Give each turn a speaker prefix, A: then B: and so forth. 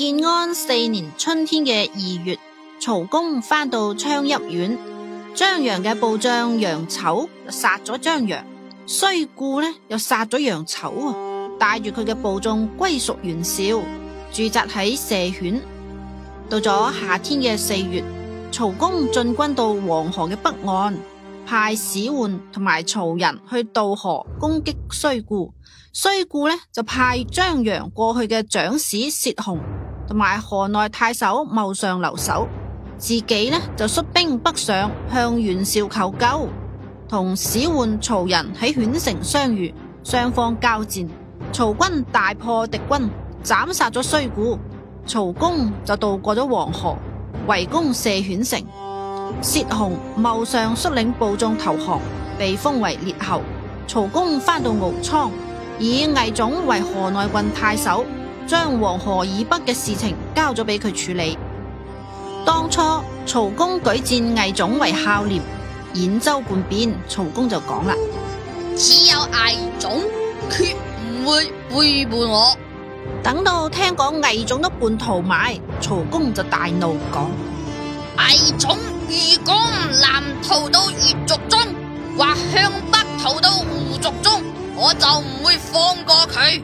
A: 建安四年春天嘅二月，曹公返到昌邑縣，張楊嘅部將楊醜殺咗張楊，眭固呢又殺咗楊醜啊，帶住佢嘅部眾歸屬袁紹，駐紮喺射犬。到咗夏天嘅四月，曹公進軍到黃河嘅北岸，派史渙同埋曹仁去渡河攻擊眭固，眭固呢就派張楊過去嘅長史薛洪，同埋河內太守繆尚留守，自己呢就率兵北上向袁紹求救，同史渙、曹仁喺犬城相遇，雙方交戰，曹軍大破敵軍，斬殺咗眭固，曹公就渡過咗黃河，圍攻射犬城。薛洪、繆尚率領部眾投降，被封為列侯。曹公翻到敖倉，以魏種為河內郡太守。將黃河以北嘅事情交咗俾佢處理。當初曹公舉薦魏種為孝廉，兗州叛變，曹公就講啦：只有魏種決唔會背叛我。等到聽講魏種都叛逃埋，曹公就大怒講：
B: 魏種如果唔南逃到越族中，或向北逃到胡族中，我就唔會放過佢。